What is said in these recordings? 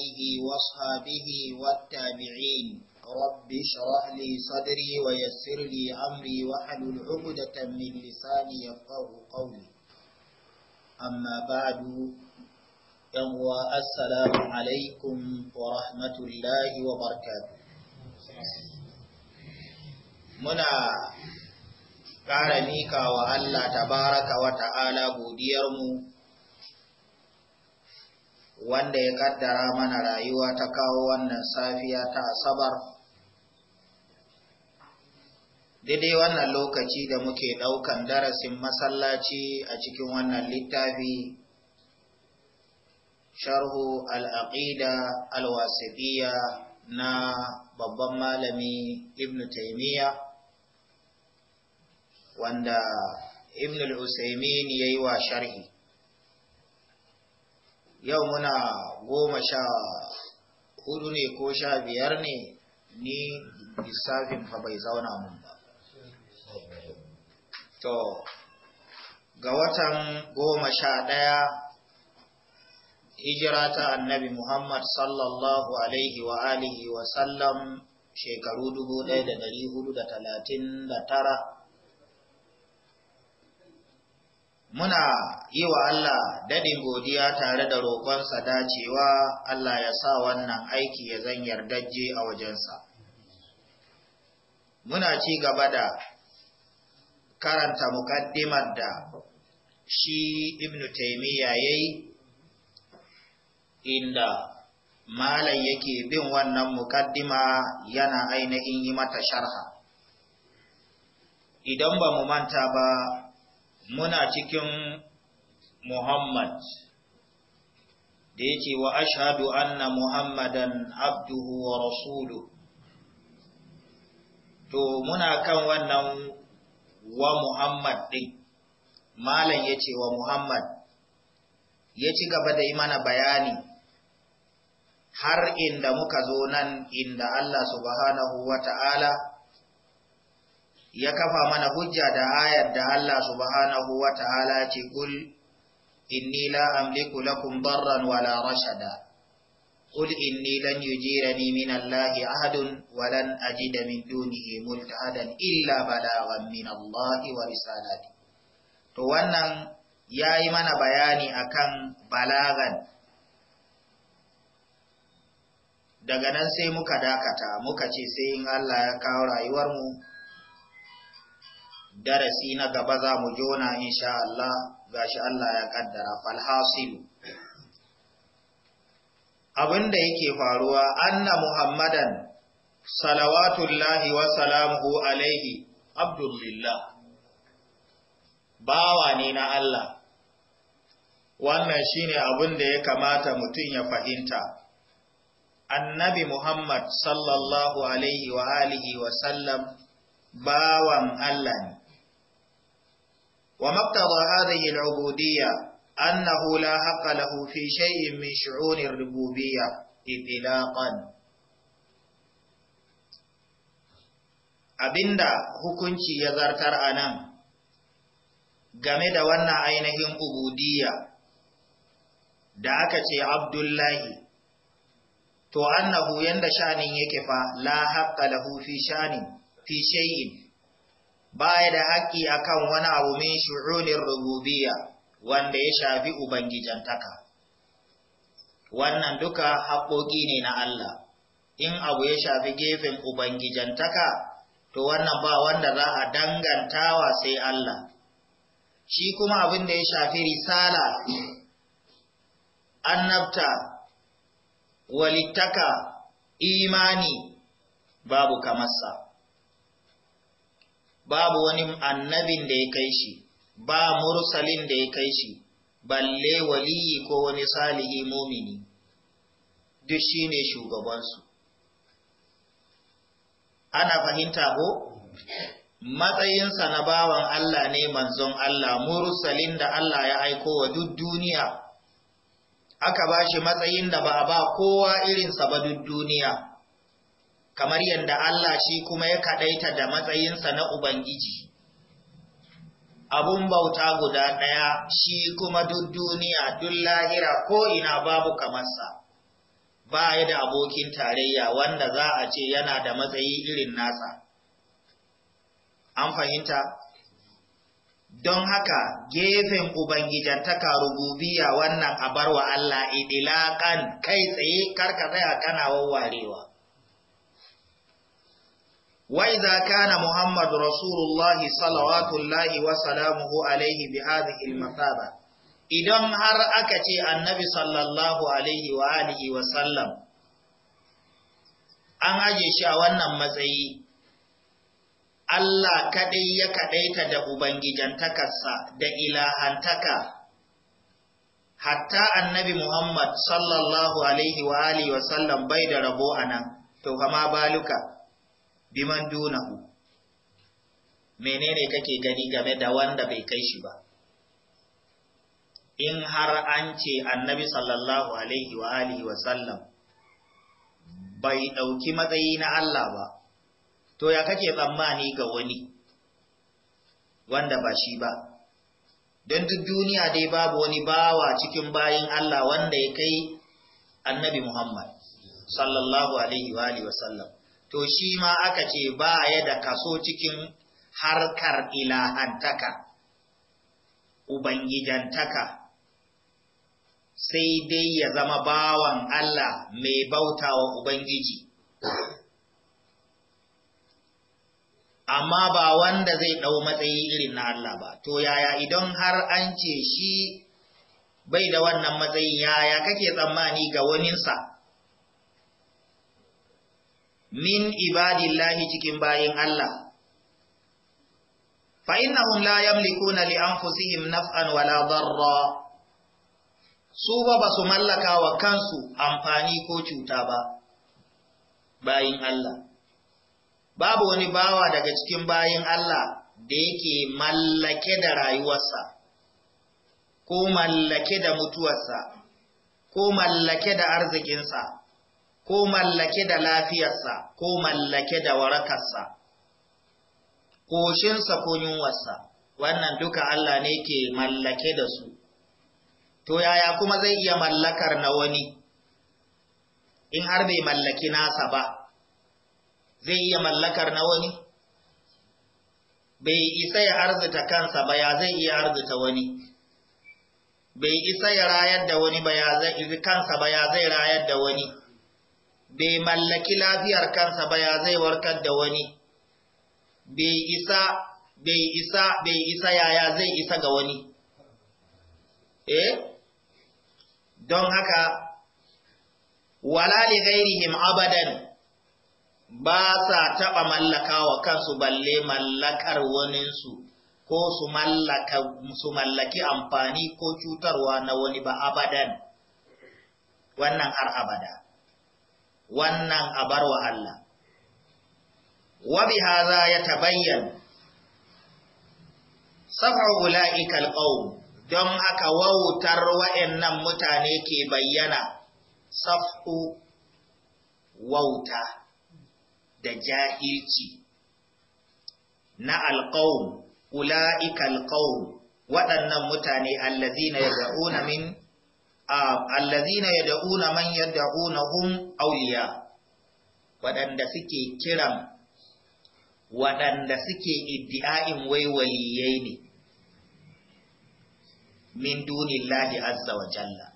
آله وأصحابه والتابعين رب اشرح لي صدري ويسر لي أمري واحلل عقدة من لساني يفقه قولي أما بعد ينوى السلام عليكم ورحمة الله وبركاته منا ƙara mika wa Allah tabaraka wa ta'ala godiyarmu wanda ya kaddara mana rayuwa ta kawo wannan safiya ta asabar daidai wannan lokaci da muke daukan darasin masallaci a cikin wannan littafi sharhu al'aqida alwasabiya na babban malami ibn taimiyya wanda ibn al'usaimin ya yi wa sharhi yau muna goma sha hudu ne ko sha biyar ne ni lissafin fa bai zauna mun ba to ga watan goma sha ɗaya hijira ta annabi muhammad sallallahu alaihi wa alihi wa sallam shekaru tara. muna yi wa Allah daɗin godiya tare da roƙonsa dacewa Allah ya sa wannan aiki ya zan yardajje a wajensa. Muna ci gaba da karanta muƙaddimar da shi Ibn Taymiyya yayi. yi inda Malam yake bin wannan muƙaddima yana ainihin yi mata sharha. Idan ba mu manta ba muna cikin Muhammad da ya ce wa ashadu anna Muhammadan abduhu wa rasulu to muna kan wannan wa Muhammad ɗin malam ya ce wa Muhammad ya ci gaba da yi mana bayani har inda muka zo nan inda Allah subhanahu wa ta'ala ya kafa mana hujja da ayar da Allah subhanahu wa ta'ala ce kul inni la amliku lakum darran wala rashada قل إني لن يجيرني من الله أحد ولن أجد من دونه ملتحدا إلا بلاغا من الله ورسالاته to wannan ya yi mana bayani akan balagan daga nan sai muka dakata muka ce sai in Allah ya kawo rayuwarmu darasi na gaba za mu jona insha Allah gashi Allah ya kaddara falhasilu abinda yake faruwa anna muhammadan salawatullahi wa salamuhu alaihi abdullah bawa ne na Allah wannan shine abin da ya kamata mutum ya fahimta annabi muhammad sallallahu alaihi wa alihi wa sallam bawan Allah ne وما اقتضى هذه العبودية أنه لا حق له في شيء من شعور الربوبية إطلاقا abinda hukunci ya zartar a nan game da wannan ainihin ubudiya da aka ce abdullahi to annahu yanda shanin yake fa la haqqa lahu fi shanin fi shay'in baya da haƙƙi akan wani abu min shu'unir rububiyya wanda ya shafi ubangijantaka wannan duka haƙoƙi ne na Allah in abu ya shafi gefen ubangijantaka to wannan ba wanda za a dangantawa sai Allah shi kuma abin da ya shafi risala annabta walittaka imani babu kamarsa babu wani annabin da ya kai shi ba mursalin da ya kai shi balle waliyi ko wani salihi mumini duk shi ne shugabansu ana fahimta ko matsayinsa na bawan Allah ne manzon Allah mursalin da Allah ya aiko wa duk duniya aka ba shi matsayin da ba ba kowa irinsa ba duk duniya kamar yadda Allah shi kuma ya kaɗaita da matsayinsa na Ubangiji. Abun bauta guda ɗaya shi kuma duk duniya duk lahira ko'ina babu kamarsa, ba ya da abokin tarayya wanda za a ce yana da matsayi irin nasa. An fahimta? Don haka gefen Ubangijantaka rububiya wannan wa Allah idilakan kai tsaye karka tsaya kana wawarewa. وإذا كان محمد رسول الله صلوات الله وسلامه عليه بهذه المثابة إذن هر أكتي النبي صلى الله عليه وآله وسلم أن أجيش أولا مزعي Allah kaɗai ya kaɗaita da Ubangijantakarsa da ilahantaka, hatta annabi Muhammad sallallahu Alaihi wa sallam bai da rabo a nan, to kama baluka. biman dunahu menene kake gani game da wanda bai kai shi ba in har an ce annabi sallallahu alaihi wa alihi wa sallam bai ɗauki matsayi na Allah ba to ya kake tsammani ga wani wanda ba shi ba don duk duniya dai babu wani bawa cikin bayin Allah wanda ya kai annabi Muhammad sallallahu alaihi wa alihi wa sallam to shi ma aka ce ba ya da kaso cikin harkar ilahantaka, Ubangijantaka, sai dai ya zama bawan Allah mai bautawa Ubangiji. Amma ba wanda zai ɗau matsayi irin na Allah ba, to yaya idan har an ce shi bai da wannan matsayin yaya kake tsammani ga waninsa? min ibadillahi cikin bayin Allah fa innahum la yamlikuna li anfusihim naf'an wala darra su ba ba su mallaka wa kansu amfani ko cuta ba bayin Allah babu wani bawa daga cikin bayin Allah da yake mallake da rayuwarsa ko mallake da mutuwarsa ko mallake da arzikinsa ko mallake da lafiyarsa ko mallake da warakarsa ƙoshinsa ko yunwarsa wannan duka Allah ne ke mallake da su to yaya kuma zai iya mallakar na wani in har bai mallaki nasa ba zai iya mallakar na wani bai isa ya arzita kansa ba ya zai iya arzita wani bai isa ya rayar da wani ba ya zai kansa ba ya zai rayar da wani bai mallaki lafiyar kansa ba ya zai warkar da wani bai isa bai isa bai isa yaya zai isa ga wani eh don haka wala li ghairihim abadan ba sa taɓa mallaka wa kansu balle mallakar waninsu ko su mallaka su mallaki amfani ko cutarwa na wani ba abadan wannan har abada wannan a barwa Allah wa ya ta yatabayyan safa ula'ikal ƙaun don haka wautar wa'yannan mutane ke bayyana safu wauta da jahilci na alƙaun ula'ikal ƙaun waɗannan mutane allazina ya min allazina yad'una man yad'unahum awliya waɗanda suke kiran waɗanda suke iddi'a'in wai waliyai ne min dunillahi azza wa jalla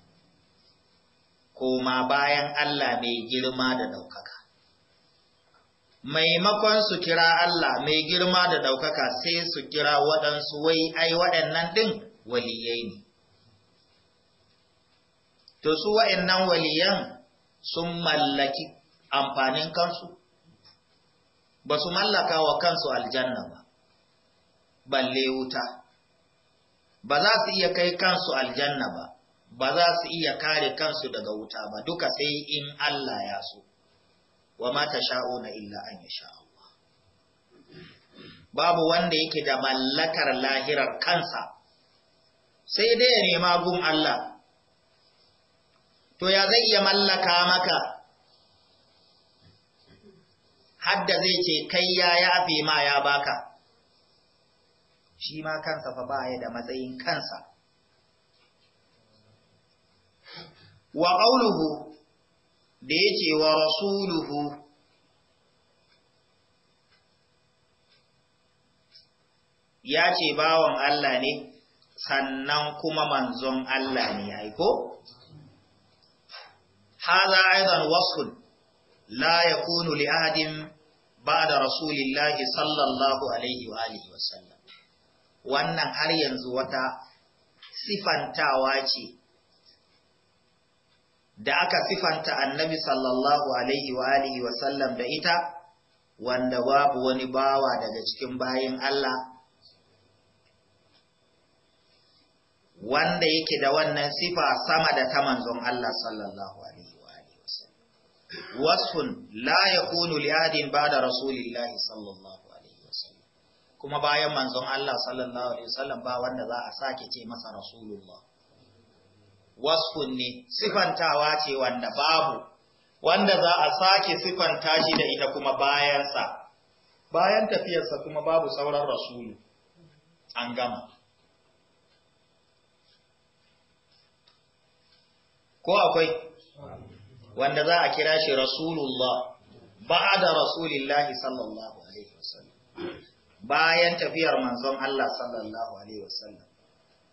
koma bayan Allah mai girma da ɗaukaka maimakon su kira Allah mai girma da ɗaukaka sai su kira waɗansu wai ai waɗannan ɗin waliyai ne to su wa'annan waliyan sun mallaki amfanin kansu ba su mallaka wa kansu aljanna ba balle wuta ba za su iya kai kansu aljanna ba ba za su iya kare kansu daga wuta ba duka sai in Allah ya so wa ma na illa an yasha Allah babu wanda yake da mallakar lahirar kansa sai dai ya nema gun Allah to ya zai iya mallaka maka hadda zai ce kai ya yafe ma ya baka shi ma kansa fa ba ya da matsayin kansa wa qauluhu da ya wa rasuluhu ya ce bawan Allah ne sannan kuma manzon Allah ne aiko? haza aidan wasfun la yakunu li ahadin ba'da rasulillahi sallallahu alaihi wa wa sallam wannan har yanzu wata sifantawa ce da aka sifanta annabi sallallahu alaihi wa alihi wa sallam da ita wanda babu wani bawa daga cikin bayin Allah wanda yake da wannan sifa sama da ta manzon Allah sallallahu Alaihi wasfun la kunu li ba da rasulillahi sallallahu alaihi wasallam kuma bayan manzon Allah sallallahu alaihi wasallam ba wanda za a sake ce masa rasulullah wasfun ne sifantawa ce wanda babu wanda za a sake sifanta shi da ita kuma bayansa bayan tafiyarsa kuma babu sauran rasulu an gama ko akwai wanda za a kira shi rasulullah da rasulillahi sallallahu alaihi wasallam bayan tafiyar manzon Allah sallallahu alaihi wasallam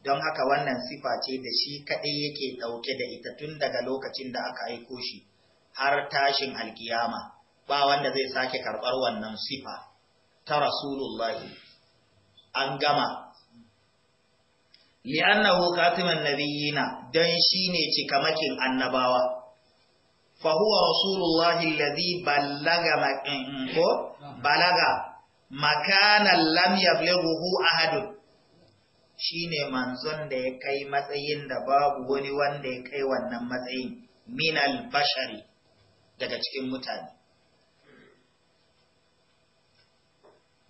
don haka wannan sifa ce da shi kaɗai yake ɗauke da ita tun daga lokacin da aka aiko shi har tashin alkiyama ba wanda zai sake karɓar wannan sifa ta rasulullahi an gama li'annahu khatiman nabiyina don shine cikamakin annabawa fa huwa rasulullahi alladhi ballaga ko balaga makanan lam yablighuhu ahadun shine manzon da ya kai matsayin da babu wani wanda ya kai wannan matsayin minal bashari daga cikin mutane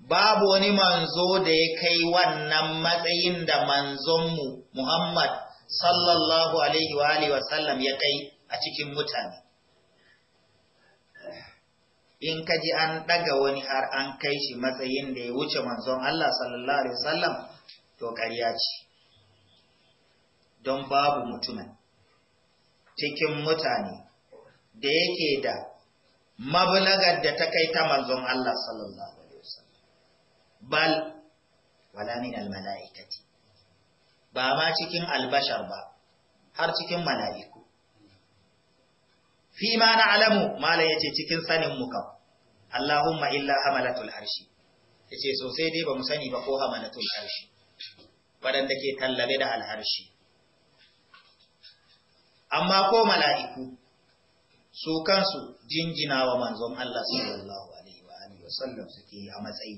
babu wani manzo da ya kai wannan matsayin da manzonmu Muhammad sallallahu alaihi wa alihi ya kai a cikin mutane in ka ji an ɗaga wani har an kai shi matsayin da ya wuce manzon Allah sallallahu Alaihi wasallam to ƙarya ce, don babu mutumin cikin mutane da yake da mablagar da ta kai ta manzon Allah sallallahu Alaihi wasallam. Bal, wala min al-mala'ikati ba ma cikin albashar ba, har cikin mala'iku. fi ma na alamu malam ya ce cikin sanin mu kam Allahumma illa hamalatul arshi ya ce sosai dai ba mu sani ba ko hamalatul arshi waɗanda ke tallale da alharshi amma ko mala'iku su kansu jinjina wa manzon Allah sallallahu alaihi wa alihi wasallam suke a matsayi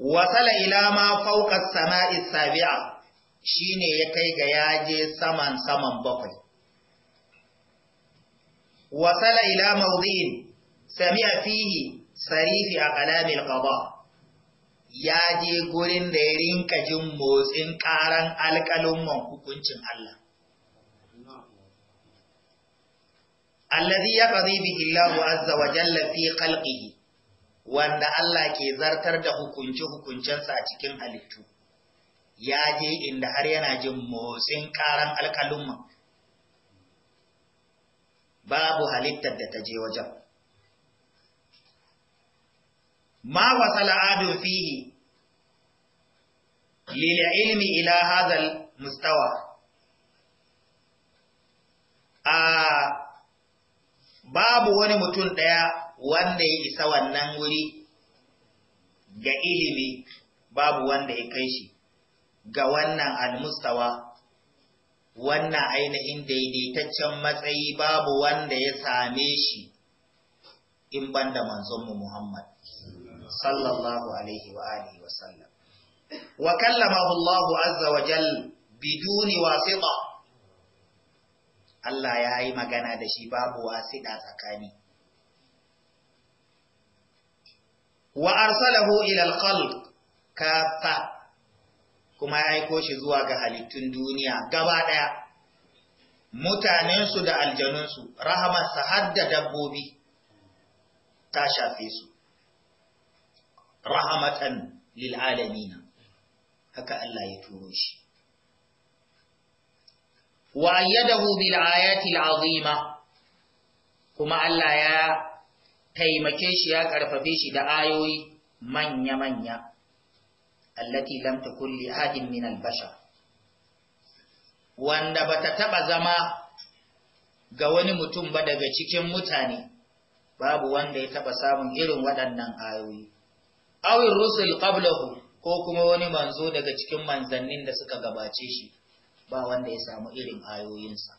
wasala ila ma fauka sama'i sabi'a Shi ne ya kai ga yaje saman saman bakwai wasala ila mawdin sami'a fihi sarifi a kalamil qada ya je gurin da ya rinka jin motsin ƙaran alƙalumman hukuncin Allah. Allazi ya ƙazi bihillahu azza wa jalla fi khalqihi wanda Allah ke zartar da hukunce-hukuncensa a cikin halittu. ya je inda har yana jin motsin karan alƙalumma babu halittar da ta je wajen ma wasala la'adun fihi lil ilmi ila hazal mustawa a babu wani mutum ɗaya wanda ya isa wannan wuri ga ilimi babu wanda ya kai shi ga wannan almustawa wannan ainihin daidaitaccen matsayi babu wanda ya same shi in banda manzonmu Muhammad sallallahu alaihi wa alihi wa sallam wa kallamahu Allah azza wa jal biduni wasita Allah ya yi magana da shi babu wasita tsakani wa arsalahu ila al-khalq kafa kuma ya aiko shi zuwa ga halittun duniya gaba ɗaya mutanensu da aljanunsu rahamarsa har da dabbobi ta shafe su rahamatan lil'alamina haka Allah ya turo shi wa ayyadahu bil ayati azima kuma Allah ya taimake shi ya karfafe shi da ayoyi manya-manya allati لم تكن لأحد من min wanda bata taba zama ga wani mutum ba daga cikin mutane babu wanda ya taba samun irin waɗannan ayoyi awin rusul qablahu ko kuma wani manzo daga cikin manzannin da suka gabace shi ba wanda ya samu irin ayoyinsa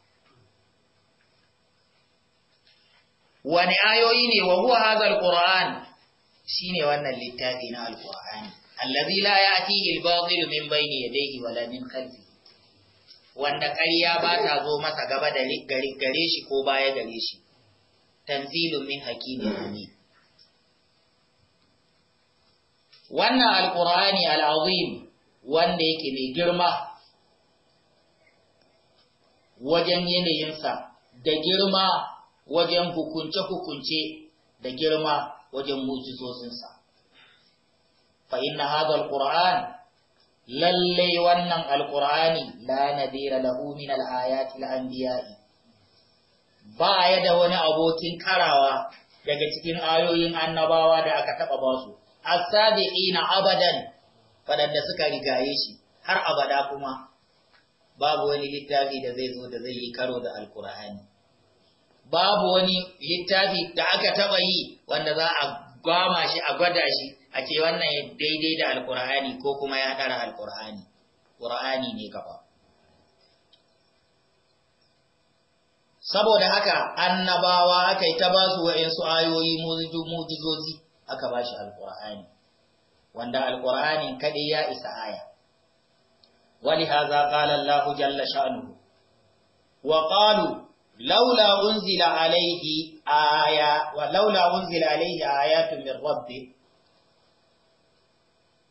wani ayoyi ne wa huwa hazal quran shine wannan littafi na al allazi la ya'tihi al-batil min ne ya wala min khalfi wanda ƙarya ba ta zo masa gaba da gare shi ko baya gare shi tanzilun min hakimin amin wannan alkur'ani al'azim wanda yake mai girma wajen yanayinsa da girma wajen hukunce-hukunce da girma wajen mujizozinsa fa inna hadha alquran lalle wannan alqurani la nadira lahu min alayati alanbiya'i ba ya da wani abokin karawa daga cikin ayoyin annabawa da aka taba ba su as abadan da suka rigaye shi har abada kuma babu wani littafi da zai zo da zai yi karo da alqurani babu wani littafi da aka taɓa yi wanda za a gwama shi a gwada shi a ce wannan daidai da alkur'ani ko kuma ya ɗara alkur'ani ƙur'ani ne gaba saboda haka annabawa aka yi ta ba su wa'insu ayoyi mujizozi aka ba shi alkur'ani wanda alkur'anin kaɗai ya isa aya wani haza ƙalallahu jalla sha'anuhu wa ƙalu laula unzila alaihi aya wa laula unzila alaihi min rabbi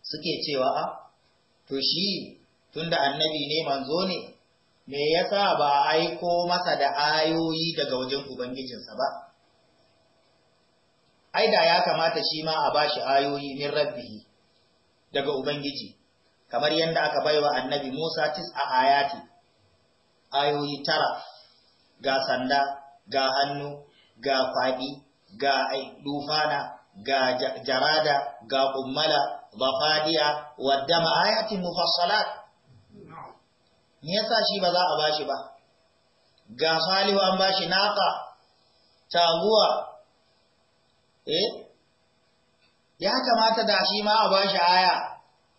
suke cewa a ah, to shi tunda annabi ne manzo ne me yasa ba aiko masa da ayoyi daga wajen ubangijinsa ba ai da ya kamata shi ma a bashi ayoyi min rabbi daga ubangiji kamar yadda aka baiwa annabi Musa tis a ayati ayoyi tara ga sanda ga hannu ga kwaɗi ga eh, dufana ga jarada ga kummala bafadiya wadda ma'ayatin mufassalat me yasa shi ba za a bashi ba ga salihu an bashi naka taguwa eh ya kamata da shi ma a bashi aya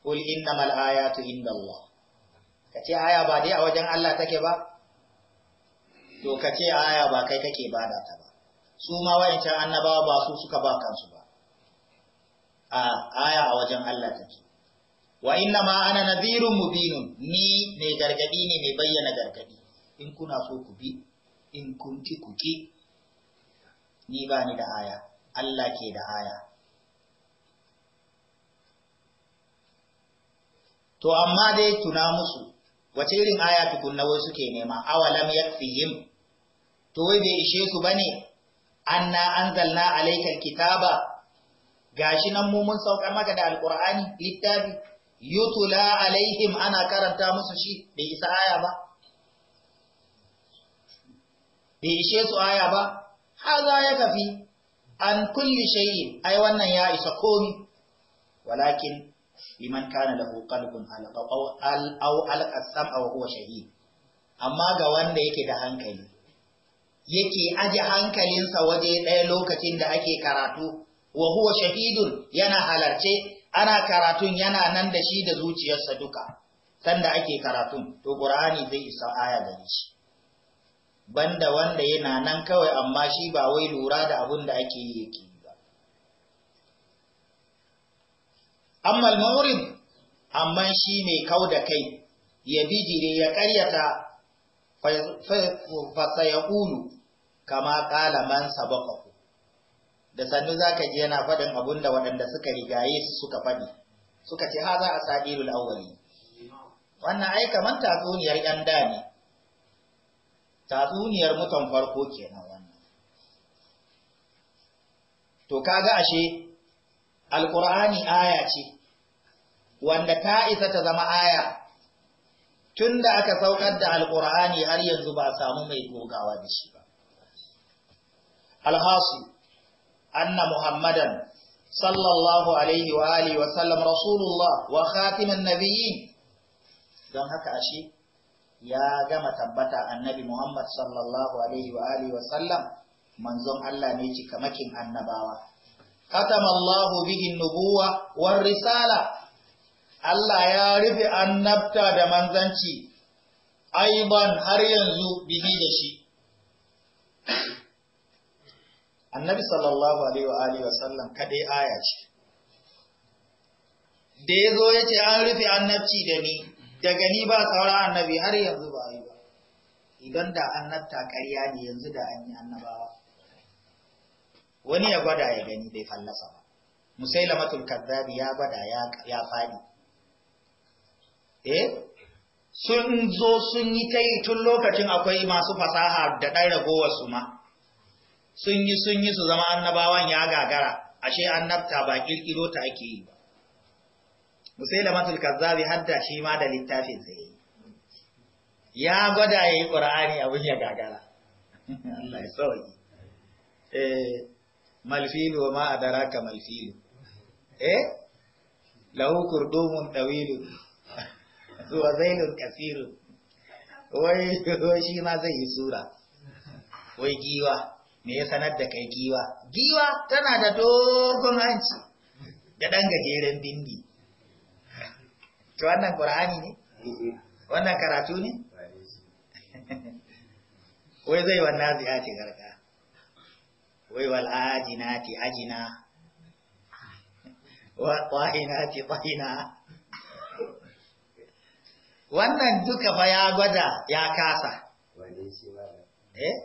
qul innamal ayatu indallah kace aya ba dai a wajen Allah take ba to kace aya ba kai kake bada ta ba su ma wayancan annabawa ba su suka ba kansu ba a aya a wajen Allah ta ce, wa inna ma ana nadhirun mubinun ni mai gargadi ne mai bayyana gargadi in kuna so ku bi in kun ku ki ni ba ni da aya Allah ke da aya to amma dai tuna musu wace irin aya tukunna wai suke nema awalam yakfihim to wai bai ishe su bane anna anzalna alaykal kitaba gashi nan mu mun sauka maka da alqur'ani littafi yutula alaihim ana karanta musu shi bai isa aya ba bai ishe su aya ba haza ya kafi an kulli shay'in ai wannan ya isa komi walakin liman kana lahu qalbun alqa aw al sam'a wa huwa shahid amma ga wanda yake da hankali yake aje hankalinsa waje ɗaya lokacin da ake karatu wa huwa shahidun yana halarce ana karatun yana nan da shi da zuciyarsa duka sanda ake karatun to qur'ani zai isa aya da shi banda wanda yana nan kawai amma shi ba wai lura da abun da ake yi yake ba amma al mawrid amma shi mai kau da kai ya bijire ya karyata fa sayaqulu kama qala man sabaqahu da sannu za ka je yana faɗin abun da waɗanda suka rigaye su suka faɗi suka ce ha a sadiru awwali wannan ai kaman tatsuniyar yan da ne tatsuniyar mutan farko kenan wannan to kaga ashe alqur'ani aya ce wanda ta isa ta zama aya tun da aka saukar da alƙur'ani har yanzu ba a samu mai gogawa da shi ba. Alhasu, anna muhammadan sallallahu alaihi wa alihi wa sallam rasulullah wa khatiman don haka ashe ya gama tabbata annabi muhammad sallallahu alaihi wa alihi wa sallam manzon Allah ne cikamakin annabawa khatamallahu bihi nubuwa war risala Allah ya rufe annabta da manzanci aiban har yanzu bihi da shi annabi sallallahu alaihi wa sallam kaɗai aya ce da ya zo ya ce an rufe annabci da ni daga ni ba sauran annabi har yanzu ba yi ba idan da annabta ƙarya ne yanzu da an yi annabawa wani ya gwada ya gani bai fallasa ba musailamatul kaddabi ya gwada ya fadi eh sun zo sun yi ta yi tun lokacin akwai masu fasaha da ɗan ragowar su ma sun yi sun yi su zama annabawan ya gagara ashe annabta ba kirkiro ta ake yi ba musailamatul kazzabi hadda shi ma da littafin sai ya gwada yayi qur'ani abin ya gagara Allah ya sauki eh wa ma adaraka malfil eh lahu kurdumun tawil wa zainun kasirun wai shi ma zai yi sura wai giwa me ya sanar da kai giwa giwa tana da dogon hanci da ɗan gajeren bindi to wannan ƙur'ani ne wannan karatu ne wai zai wannan ziyati garga wai wal ajinati ajina wa ƙwahinati ƙwahina wannan duka fa ya gwada ya kasa eh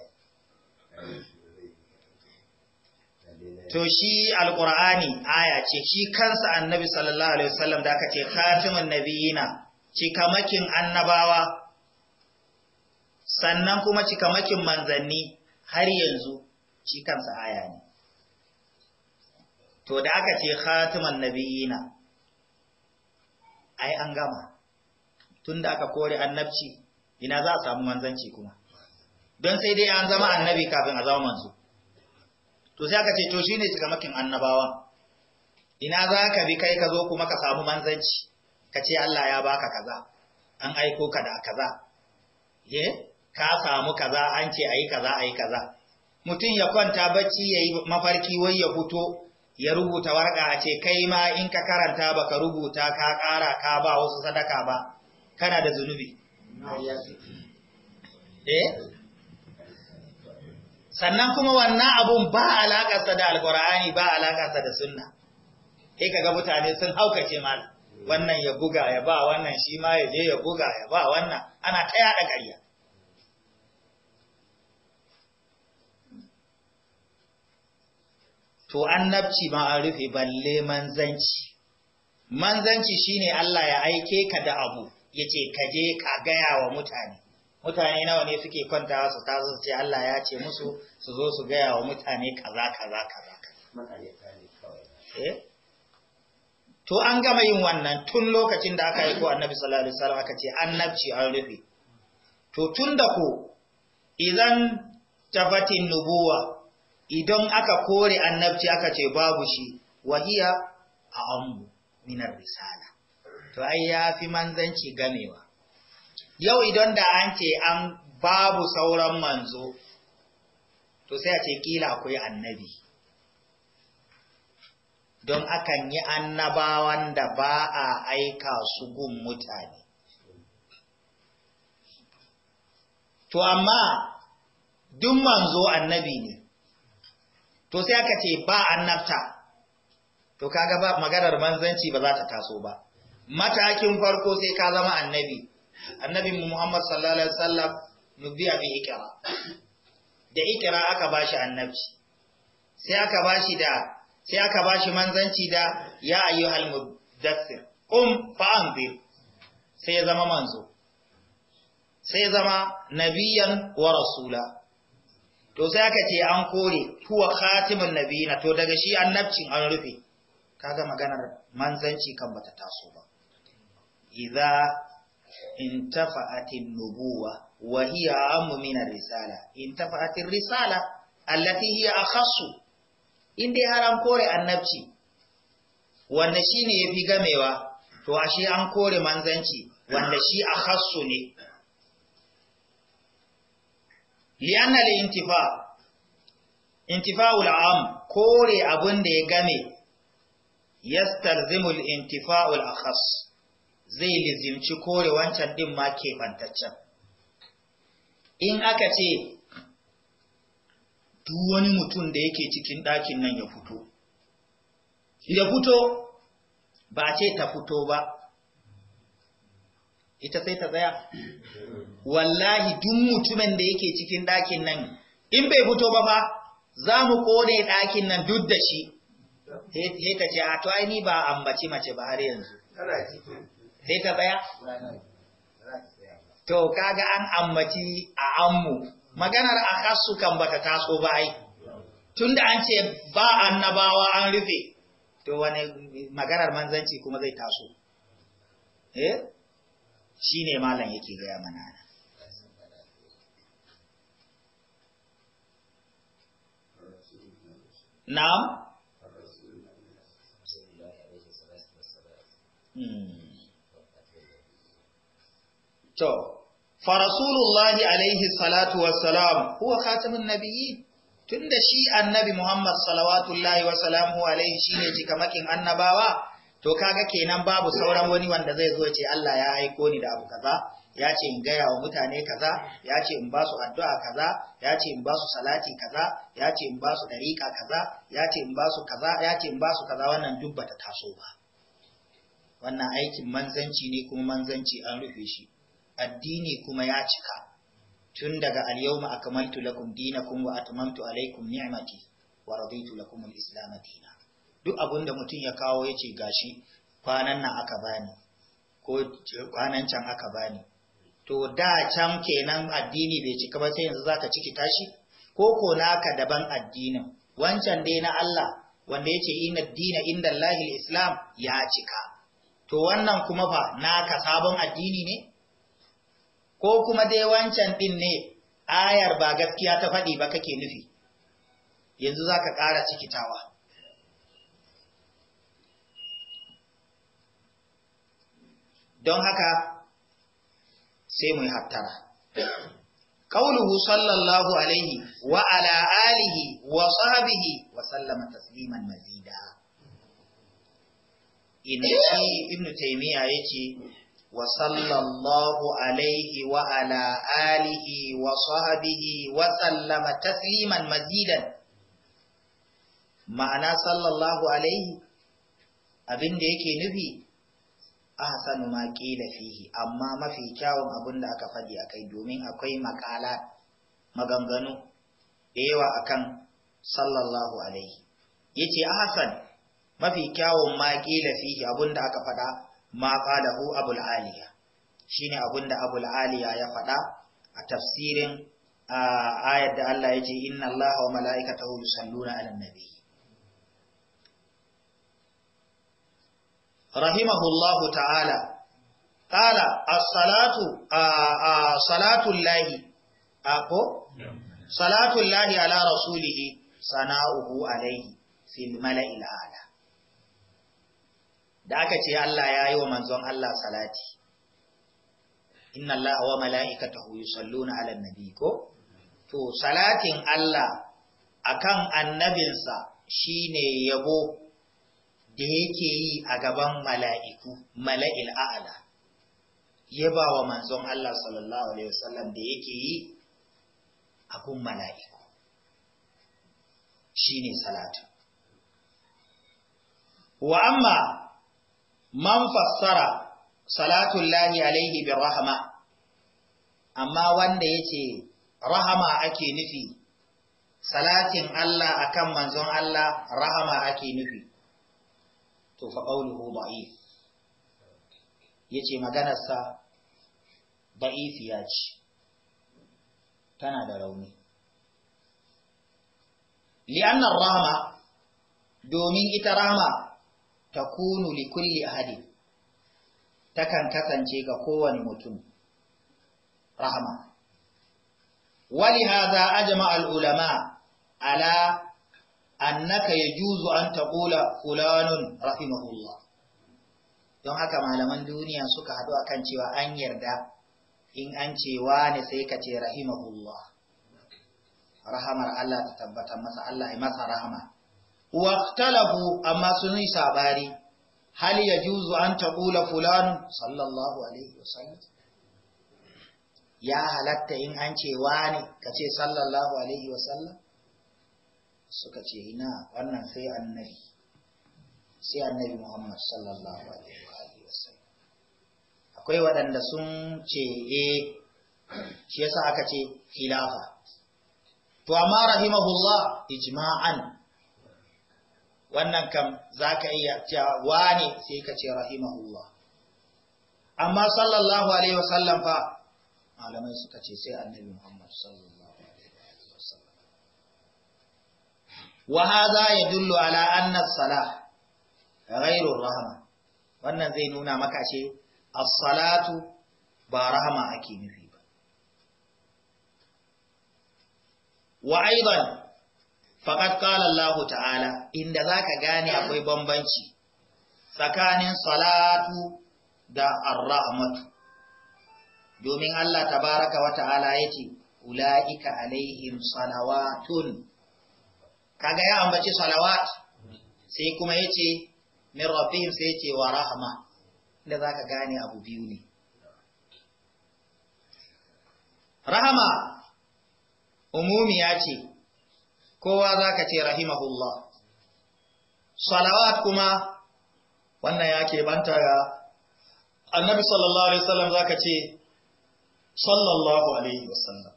to shi alqur'ani aya ce shi kansa annabi sallallahu alaihi wasallam da aka ce khatimun nabiyina cikamakin annabawa sannan kuma cikamakin manzanni har yanzu shi kansa aya ne to da aka ce khatimun nabiyina ai an gama tunda aka kore annabci ina za a samu manzanci kuma don sai dai an zama annabi kafin a zama manzo to sai aka ce to shine cikamakin annabawan ina za ka bi kai ka zo kuma ka samu manzanci ka ce Allah ya baka kaza an aiko ka da kaza ye ka samu kaza an ce ayi kaza ayi kaza mutum ya kwanta bacci yayi mafarki wai ya fito ya rubuta warka a ce kai ma in ka karanta baka rubuta ka ƙara ka ba wasu sadaka ba kana da zunubi eh sannan kuma wannan abun ba alaƙarsa da alƙur'ani ba alaƙarsa da sunna sai kaga mutane sun haukace mal wannan ya buga ya ba wannan shi ma ya je ya buga ya ba wannan ana ta yaɗa ƙarya to annabci ma an rufe balle manzanci manzanci shine Allah ya aike ka da abu yace ka je ka gaya wa mutane mutane nawa ne suke kwantawa su taso su ce Allah ya ce musu su zo su gaya wa mutane kaza kaza kaza eh? to an gama yin wannan tun lokacin da aka yi ko annabi sallallahu alaihi wasallam aka ce annabci an rufe to tun da ko idan tafatin nubuwa idan aka kore annabci aka ce babu shi wahiya a ambu minar risala to ai ya fi manzanci gamewa yau idan da an ce an babu sauran manzo to sai a ce kila akwai annabi don akan yi annabawan da ba a aika su gun mutane to amma duk manzo annabi ne to sai aka ce ba annabta to kaga ba maganar manzanci ba za ta taso ba matakin farko sai ka zama annabi annabi Muhammad sallallahu alaihi wasallam nubi abi ikra da ikra aka bashi annabci sai aka bashi da sai aka bashi manzanci da ya ayyuhal mudaththir qum fa anzir sai ya zama manzo sai ya zama nabiyan wa rasula to sai aka ce an kore huwa khatimun nabiyina to daga shi annabcin an rufe kaga maganar manzanci kan bata taso ba idza intafa'atin nubuwa wahiya amu ammu min ar-risala intafa'atir risala allati hiya akhassu in dai har an kore annabci wanda shine yafi gamewa to ashe an kore manzanci wanda shi akhassu ne li'anna al-intifa' intifa'ul am kore abin da ya game yastalzimul intifa'ul akhas zai lizimci kore wancan din ma keɓantaccen in aka ce duk wani mutum da yake cikin ɗakin nan ya fito ya fito ba ce ta fito ba ita sai ta tsaya wallahi duk mutumin da yake cikin ɗakin nan in bai fito ba ba za mu kone ɗakin nan duk da shi sai ta ce a to ni ba ambaci mace ba har yanzu sai ta tsaya? To, kaga an ammaci a ammu, maganar a kasu kan bata taso ba ai, tun an ce ba annabawa an rufe, to wani maganar manzanci kuma zai taso. Eh? Shi ne malam yake gaya mana. Na? Hmm. To, farasulullahi alaihi salatu wassalam huwa khatamin nabiyyi tunda shi annabi Muhammad salawatullahi wa salamu alaihi shine jikamakin annabawa to kaga kenan babu sauran wani wanda zai zo ce Allah ya aiko ni da abu kaza ya ce in gaya wa mutane kaza ya ce in ba su addu'a kaza ya ce in ba su salati kaza ya ce in ba su dariƙa kaza ya ce in ba su kaza ya ce in ba su kaza wannan duk ta taso ba wannan aikin manzanci ne kuma manzanci an rufe shi addini kuma ya cika tun daga alyawma yawma akmaltu lakum dinakum wa atmamtu alaykum ni'mati wa raditu lakum al-islam duk abinda mutum ya kawo yace gashi kwanan nan aka bani ko kwanan can aka bani to da can kenan addini bai cika ba sai yanzu zaka ciki tashi ko ko naka daban addinin wancan dai na Allah wanda yace inna dina inda Allahil Islam ya cika to wannan kuma fa naka sabon addini ne ko kuma dai wancan ɗin ne ayar ba gaskiya ta faɗi ba kake nufi yanzu za ka ƙara cikitawa don haka sai mu yi hattara ƙauluhu sallallahu alaihi wa ala alihi wa sahbihi wa sallama tasliman mazida Ina ce ibnu taymiya yace وصلى alaihi عليه وعلى آله وصحبه وسلم تسليما مزيدا ma'ana sallallahu alaihi abinda yake nufi ahsanu ma qila amma mafi kyawun abin da aka faɗi akai domin akwai makala maganganu da yawa akan sallallahu alaihi yace ahsan mafi kyawun ma qila fihi da aka faɗa ma qalahu abul aliya shine abinda abul aliya ya faɗa a tafsirin ayar da Allah ya ce inna Allah wa mala'ikatahu yusalluna 'alan nabi rahimahullahu ta'ala قال الصلاة صلاة الله أكو صلاة الله على رسوله صناؤه عليه في الملأ الأعلى da aka ce Allah ya yi wa manzon Allah salati inna Allah wa mala'ikatahu yusalluna ala nabi ko to salatin Allah akan annabinsa shine yabo da yake yi a gaban mala'iku mala'il a'ala yaba wa manzon Allah sallallahu alaihi wasallam da yake yi a gun mala'iku shine salatu wa amma man fassara salatullahi alaihi bi rahama amma wanda yace rahama ake nufi salatin Allah akan manzon Allah rahama ake nufi to fa qawluhu da'if yace maganar sa da'ifiya ce tana da rauni li'annar rahama domin ita rahama ta kunu kulli ahadin takan kasance ga kowane mutum rahama wani hadha ajma al ulama ala annaka juzu an taqula fulanun rahimahullah don haka malaman duniya suka hadu akan cewa an yarda in an ce ne sai ka ce rahimahullah rahamar Allah ta tabbatar masa Allah ya masa rahama واختلفوا أما سنوي ساباري هل يجوز أن تقول فلان صلى الله عليه وسلم يا هلت إن أنت واني كتي صلى الله عليه وسلم سكتي هنا وأنا في النبي sai annabi Muhammad sallallahu alaihi wasallam akwai waɗanda sun ce shi yasa aka ce khilafa to amma rahimahullah ijma'an wannan kam za ka iya cewa wane sai ka ce rahimahullah amma sallallahu alaihi wasallam fa malamai suka ce sai annabi muhammad sallallahu alaihi wasallam wa hadha yadullu ala anna as-salah ghayru rahma wannan zai nuna maka ce as-salatu ba rahama ake nufi ba wa aidan Faƙad ƙala Allah ta'ala, inda za ka gane akwai bambanci tsakanin salatu da arrahmatu. Domin Allah tabaraka wa ta'ala ya ce, Ula'ika alaihim salawatun, kaga ya ambaci salawat, sai kuma ya ce, Min rafihim sai ya ce wa rahama, inda za ka gane abu biyu ne. Rahama, umumiya ce, kowa za ka ce rahimahullah salawat kuma wannan ya ke banta ga annabi sallallahu alaihi wasallam za ka ce sallallahu alaihi wasallam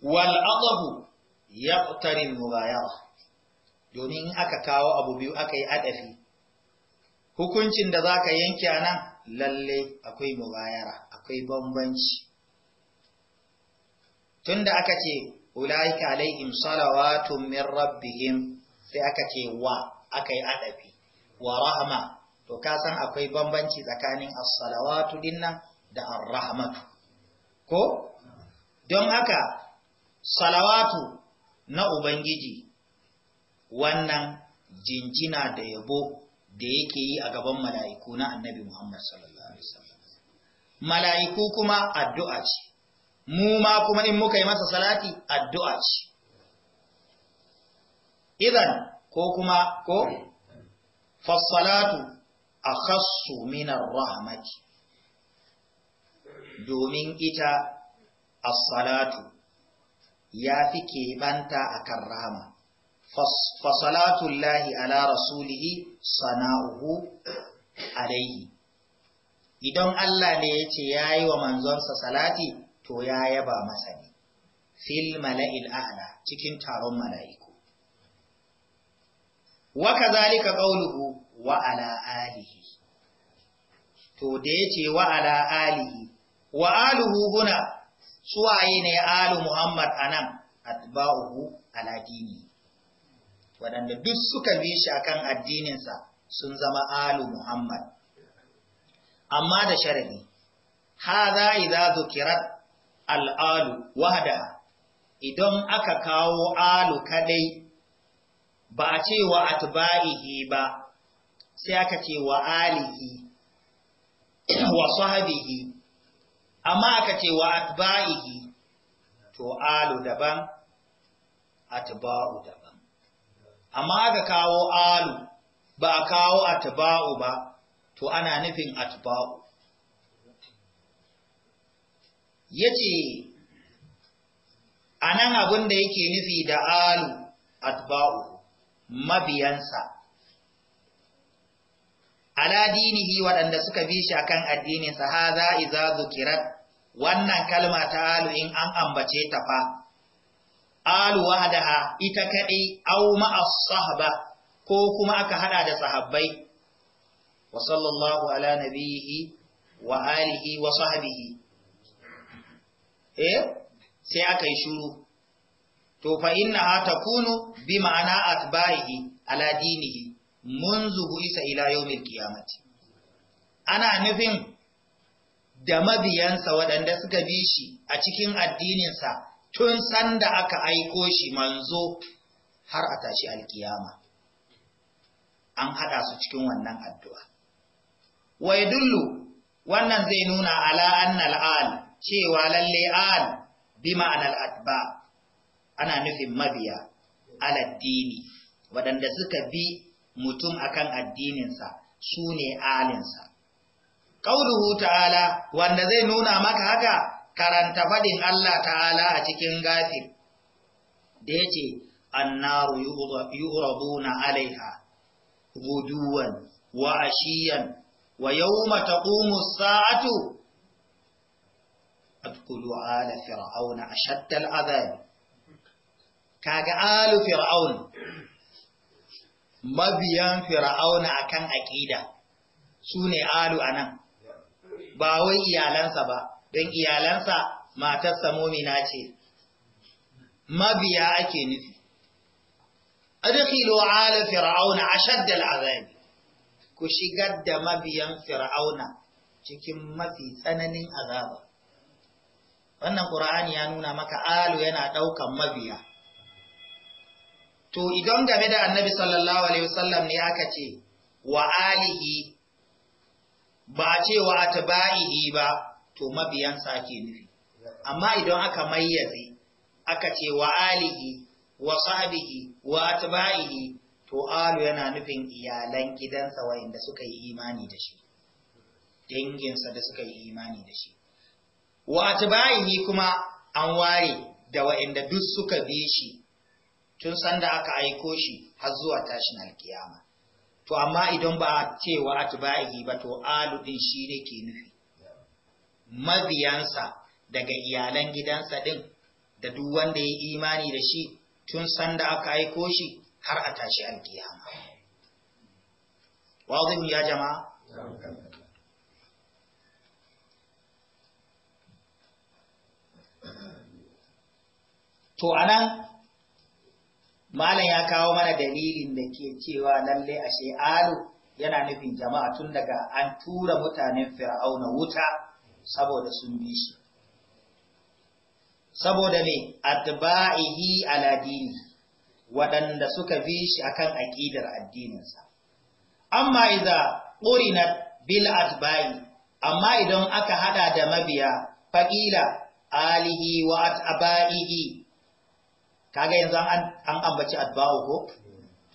wal ya yaqtari mubayara domin in aka kawo abu biyu aka yi adafi hukuncin da za ka yanke a nan lalle akwai mubayara akwai bambanci tunda aka ce ulaika alaihim salawatun min rabbihim sai aka ce wa aka yi adabi wa rahama to ka san akwai bambanci tsakanin as-salawatu dinnan da ar-rahmatu ko don haka salawatu na ubangiji wannan jinjina da yabo da yake yi a gaban mala'iku na annabi Muhammad sallallahu Alaihi wasallam. Mala'iku kuma addu'a ce, mu ma kuma in muka yi masa salati addu'a ce idan ko kuma ko fassalatu akhassu minar rahmati domin ita a salatu ya fi keɓanta akan rahama fasalatullahi ala rasulihi sana'uhu alaihi idan Allah ne ya ce ya yi wa manzonsa salati to ya yaba masa ne fil mala'il a'la cikin taron mala'iku wa kazalika qawluhu wa ala alihi to da yace wa ala alihi wa aluhu huna suwaye ne alu muhammad anan atba'uhu ala dini Wadanda duk suka bi shi akan addininsa sun zama alu muhammad amma da sharadi hadha idza zukirat al'alu wahada idan aka kawo alu kadai ba a ce wa atba'ihi ba sai aka ce wa alihi wa sahabihi amma aka ce wa atba'ihi to alu daban atba'u daban amma aka kawo alu ba a kawo atba'u ba to ana nufin atba'u yace anan a abin da yake nufi da alu atba'u mabiyansa ala dinihi waɗanda suka bi shi akan addininsa haza iza zukirat wannan kalma ta alu in an ambace ta fa alu wahdaha ita kadai aw ma'as sahaba ko kuma aka hada da sahabbai wa sallallahu ala nabihi wa alihi wa sahbihi eh sai aka yi shuru to fa a takunu bi ma'ana atba'ihi ala dinihi munzu isa ila yawmil qiyamati ana nufin da mabiyansa waɗanda suka bi shi a cikin addininsa tun sanda aka aiko shi manzo har a tashi alkiyama an haɗa su cikin wannan addu'a. Wai dullu wannan zai nuna ala annal al cewa lalle an bi ma'anar atba ana nufin mabiya aladdini waɗanda suka bi mutum akan addininsa su ne alinsa qauluhu ta'ala wanda zai nuna maka haka karanta Faɗin Allah ta'ala a cikin gafir da yace annaru na alaiha guduwan wa ashiyan wa yawma taqumu as-sa'atu adkhulu ala fir'auna ashadda al'adab kaga alu fir'aun mabiyan fir'auna akan aqida sune alu anan ba wai iyalansa ba don iyalansa matarsa mumina ce mabiya ake nufi adkhilu ala fir'auna ashadda al'azab ku shigar da mabiyan fir'auna cikin mafi tsananin azaba wannan ƙura'ani ya nuna maka alu yana ɗaukan mabiya to idan game da annabi sallallahu alaihi wasallam ne aka ce wa alihi ba ce wa atba'ihi ba to mabiyansa ke nufi amma idan aka mayyaze aka ce wa alihi wa sahbihi wa atba'ihi to alu yana nufin iyalan gidansa wayanda suka yi imani da shi dinginsa da suka yi imani da shi wa yi kuma an ware da wa'inda duk suka bi shi tun sanda aka aiko shi har zuwa tashin alkiyama to amma idan ba a ce wa atba'ihi ba to alu ɗin shi ne ke nufi mabiyansa daga iyalan gidansa din da duk wanda ya imani da shi tun sanda aka aiko shi har a tashi alkiyama wazin ya jama'a to anan malam ya kawo mana dalilin da ke cewa lalle ashe alu yana nufin jama'a tun daga an tura mutanen fir'auna wuta saboda sun bi shi saboda ne atba'ihi ala dini waɗanda suka bi shi akan aqidar addininsa amma idza na bil atba'i amma idan aka hada da mabiya faƙila. alihi wa at'abaihi kaga yanzu an ambaci atba'u ko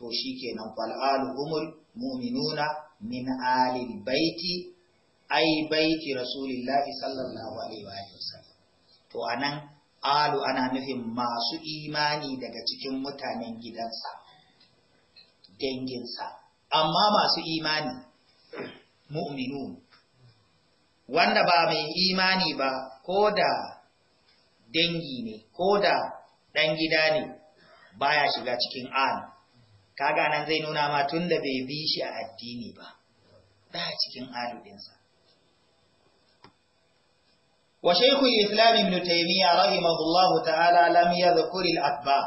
to shikenan fal alu umul mu'minuna min alil baiti ai baiti rasulillahi sallallahu alaihi wa sallam to anan alu ana nufin masu imani daga cikin mutanen gidansa danginsa amma masu imani mu'minun wanda ba mai imani ba ko da dangi ne ko da ɗan gida ne baya shiga cikin an kaga nan zai nuna ma tun da bai bi shi a addini ba baya cikin aludinsa wa shaykhu islam ibn taymiya rahimahullahu ta'ala lam yadhkur al abba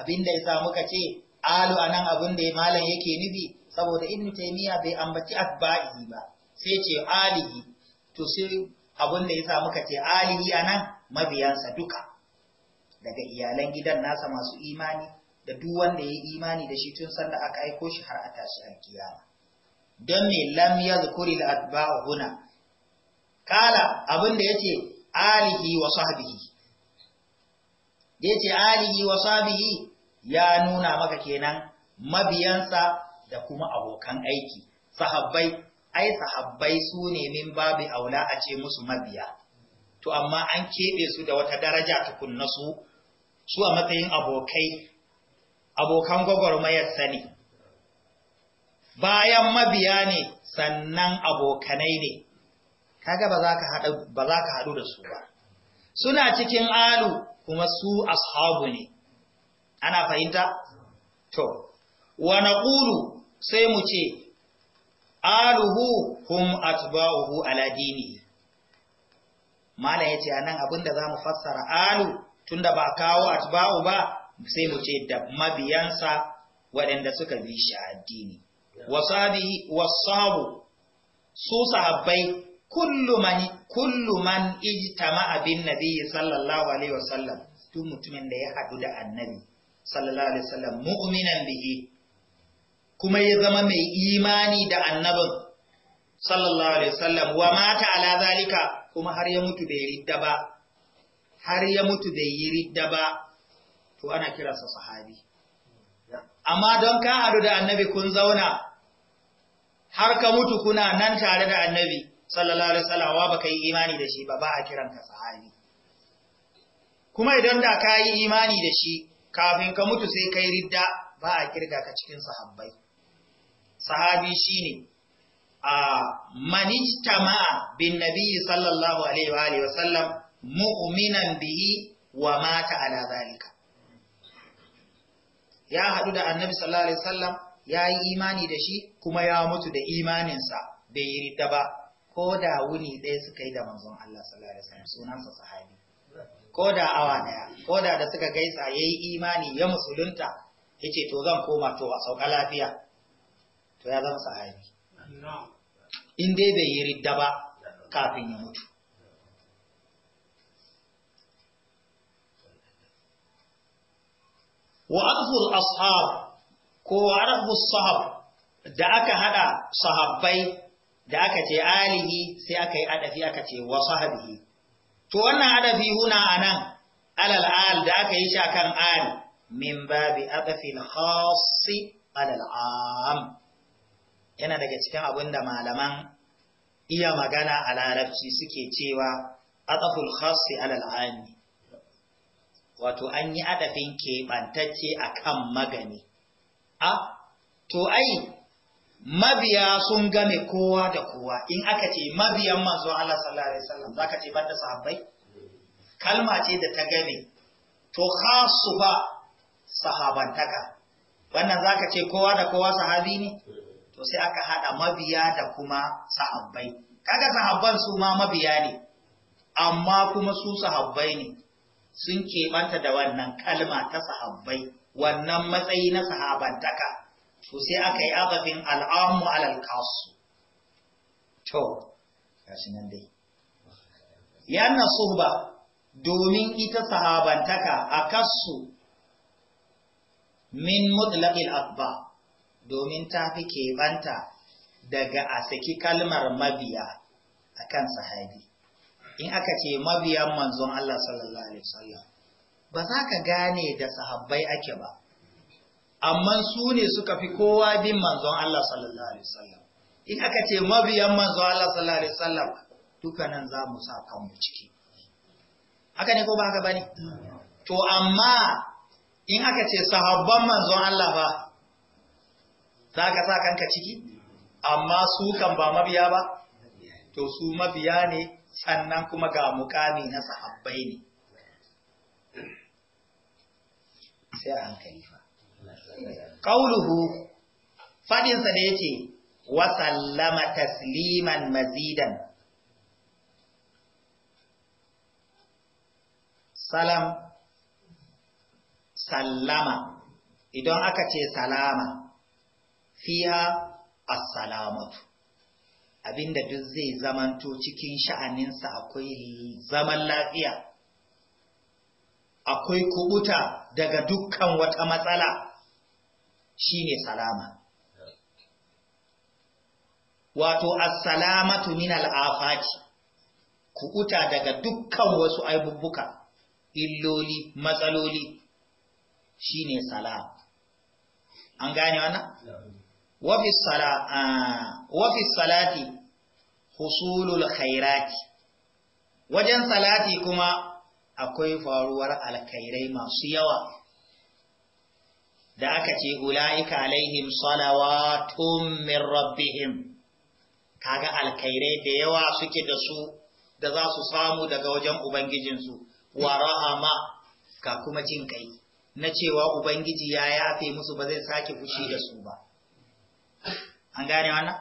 abinda yasa muka ce alu anan abin da malam yake nufi saboda ibn taymiya bai ambaci atba'i ba sai ce alihi to sai abin da yasa muka ce alihi anan mabiyansa duka daga iyalan gidan nasa masu imani da duk wanda ya yi imani da shi tun sanda aka aiko shi har a tashi alkiyama don me lam yadhkuril atba huna kala abin da yace alihi wa sahbihi yace alihi wa sahbihi ya nuna maka kenan mabiyansa da kuma abokan aiki sahabbai ai sahabbai su ne min babu aula a ce musu mabiya to amma an keɓe su da wata daraja tukunna su su a matsayin abokai abokan gwagwarmayar sani bayan mabiya ne sannan abokanai ne kaga ba za ka haɗu ba za ka haɗu da su ba suna cikin alu kuma su ashabu ne ana fahimta to wa naqulu sai mu ce aluhu hum atba'uhu ala dinihi malam yace anan abinda zamu fassara alu tunda ba kawo atba'u ba sai mu ce da mabiyansa waɗanda suka bi shi addini wasabihi wasabu su sahabbai kullu man kullu man ijtama'a bin nabiyyi sallallahu alaihi wasallam mutumin da ya hadu da annabi sallallahu alaihi wasallam mu'minan bihi kuma ya zama mai imani da annabin sallallahu alaihi wasallam wa mata ala zalika kuma har ya mutu bai ridda ba har ya mutu bai yi ridda ba to ana kiransa sahabi amma don ka hadu da annabi kun zauna har ka mutu kuna nan tare da annabi sallallahu alaihi wasallam wa baka yi imani da shi ba ba a ka sahabi kuma idan da ka yi imani da shi kafin ka mutu sai kai ridda ba a kirga ka cikin sahabbai sahabi shine manijtama'a bin nabiyyi sallallahu alaihi wa alihi wasallam mu'minan bihi wa mata ala zalika ya hadu da annabi sallallahu alaihi wasallam ya yi imani da shi kuma ya mutu da imaninsa bai yi ridda ba ko da wuni ɗaya suka yi da manzon Allah sallallahu alaihi wasallam sunansa sahabi ko da awa ɗaya, ko da da suka gaisa ya yi imani ya musulunta ya ce to zan koma to a sauka lafiya to ya zama sahabi in dai bai yi ridda ba kafin ya mutu wa arful ashab ko wa arful sahab da aka hada sahabbai da aka ce alihi sai aka yi adafi aka ce wa sahabihi to wannan adafi huna anan alal al da aka yi shi akan al min babi adafil khassi alal am yana daga cikin abin da malaman iya magana a larabci suke cewa ataful khassi alal ami wato an yi adafin keɓantacce a kan magani a to ai mabiya sun game kowa da kowa in aka ce mabiyan manzo Allah sallallahu alaihi wasallam zaka ce banda sahabbai kalma ce da ta game to khassu ba sahabantaka wannan zaka ce kowa da kowa sahabi ne to sai aka haɗa mabiya da kuma sahabbai kaga sahabban su ma mabiya ne amma kuma su sahabbai ne sun keɓanta da wannan kalma ta sahabbai wannan matsayi na sahabantaka to sai aka yi ababin al'amu alal kasu to nan dai yana suhba domin ita sahabantaka a kasu min mutlaqil akbar domin ta fi kebanta daga a saki kalmar mabiya a kan sahabi. In aka ce mabiyan manzon Allah sallallahu Alaihi wasallam ba za ka gane da sahabbai ake ba, amma su ne suka fi kowa bin manzon Allah sallallahu Alaihi wasallam. In aka ce mabiyan manzon Allah sallallahu Alaihi wasallam dukanan za mu sa kanmu ciki. Haka ne ko ba haka ba ne? To, amma in aka ce sahabban manzon Allah ba, za ka sa kanka ciki amma su kan ba mabiya ba to su mabiya ne sannan kuma ga mukami na sahabbai ne sai a hankali fa qauluhu fadinsa da yake wa tasliman mazidan salam sallama idan aka ce salama fiha assalamatu abinda duk zai zamanto cikin sha'aninsa akwai zaman lafiya akwai kubuta daga dukkan wata matsala shine salama wato assalamatu min al'afati kubuta daga dukkan wasu aibubuka illoli matsaloli shine salama. an gane wannan wafi salati husulul khairati wajen salati kuma akwai faruwar alkhairai masu yawa da aka ce ula'ika alaihim salawatun min rabbihim kaga alkhairai da yawa suke da su da za su samu daga wajen ubangijinsu wa rahama ka kuma jin kai na cewa ubangiji ya yafe musu ba zai sake fushi da su ba an gane wannan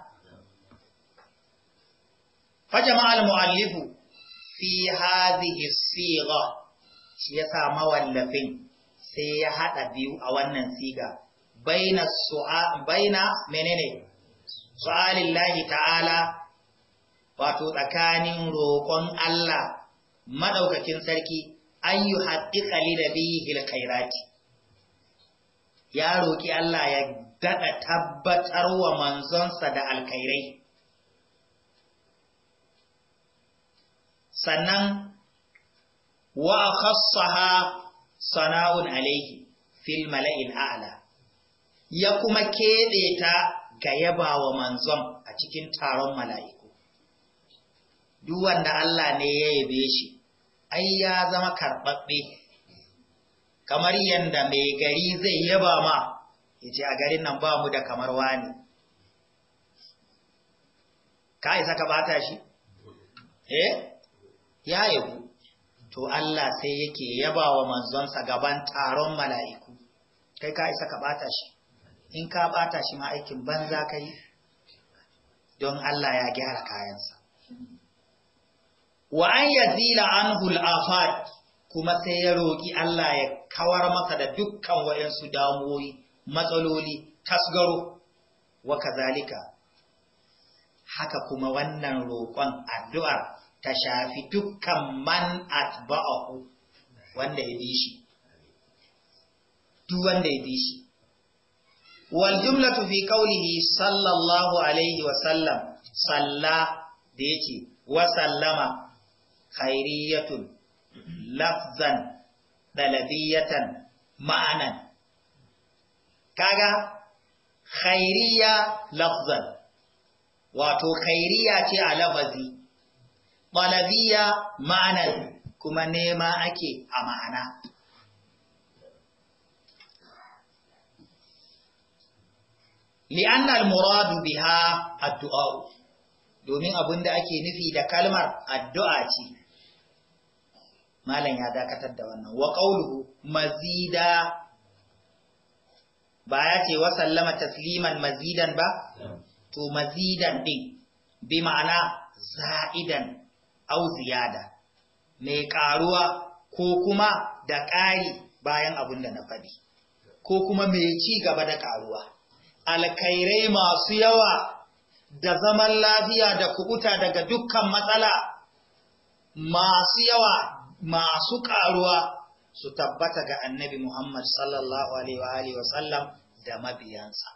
fajama al-mu'allifu fi hadhihi as-sigha shi yasa mawallafin sai ya hada biyu a wannan siga baina su'a baina menene su'alillahi ta'ala wato tsakanin roƙon Allah madaukakin sarki an yi da lirabi hilkairati ya roƙi Allah ya daɗa tabbatar wa manzonsa da alkairai. Sannan, wa khassaha sana'un alaihi fil mala’in a'la, ya kuma keɓe ta ga yaba wa manzon a cikin taron mala'iku. Duk wanda Allah ne ya yabe shi, ai ya zama karɓaɓɓe, kamar yadda mai gari zai yaba ma. yace a garin nan ba mu da kamar wani ka isa ka bata shi eh ya yabu to Allah sai yake yabawa manzonsa gaban taron mala'iku kai ka isa ka bata shi in ka bata shi ma aikin banza kai don Allah ya gyara kayansa wa an yazila anhu al-afat kuma sai ya roki Allah ya kawar masa da dukkan wayansu damuwoyi matsaloli tasgaro wa kazalika haka kuma wannan roƙon addu'ar ta shafi dukkan man atba'ahu wanda ya bishi. shi duk wanda ya wal fi qawlihi sallallahu alaihi wa sallam salla da yake wasallama sallama khairiyatun lafzan dalabiyatan ma'anan kaga khairiya lafzan wato khairiya ce a lafazi ɓalabiyya ma'anar kuma nema ake a ma'ana li'annal muradu biha addu'a domin abin da ake nufi da kalmar addu'a ce malam ya dakatar da wannan wa ƙauluhu mazida ba ya ce wa sallama tasliman mazidan ba to mazidan din bi ma'ana za'idan au ziyada mai karuwa ko kuma da ƙari bayan abin da na faɗi ko kuma mai ci gaba da karuwa alkairai masu yawa da zaman lafiya da kubuta daga dukkan matsala masu yawa masu karuwa su tabbata ga annabi Muhammad sallallahu alaihi wa sallam da mabiyansa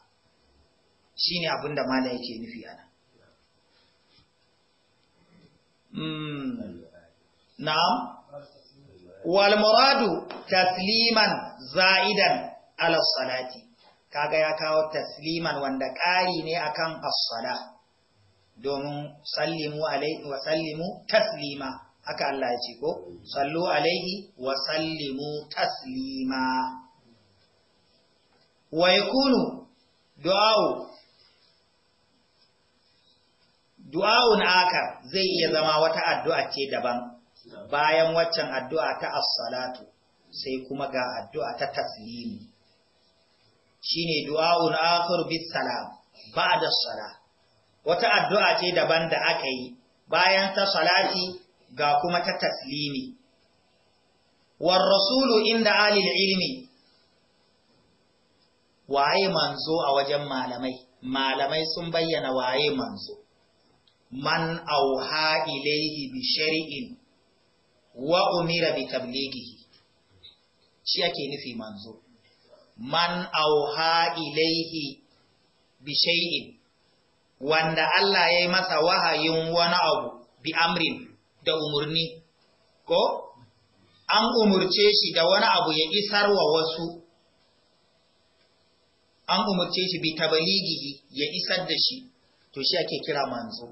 shi ne abin da mala yake nufi ana hmm. na'am wal tasliman za'idan ala salati kaga ya kawo tasliman wanda ƙari ne akan as-sala domin sallimu alaihi wa sallimu taslima haka Allah ya ce ko sallu alaihi wa sallimu taslima wa yakunu du'a'u du'a'un aka zai iya zama wata addu'a ce daban bayan waccan addu'a ta as-salatu sai kuma ga addu'a ta taslimi shine du'a'un akhir bis salam ba'da as sala. wata addu'a ce daban da aka yi bayan ta salati ga kuma ta taslimi war rasulu inda alil ilmi waye manzo a wajen malamai malamai sun bayyana waye manzo man auha ilaihi bi shari'in wa umira bi tablighihi shi ake nufi manzo man auha ilaihi bi shay'in wanda Allah ya yi masa wahayin wani abu bi amrin da umarni ko an umurce shi da wani abu ya isar wa wasu an umarce shi bi tabalighi ya isar da shi to shi ake kira manzo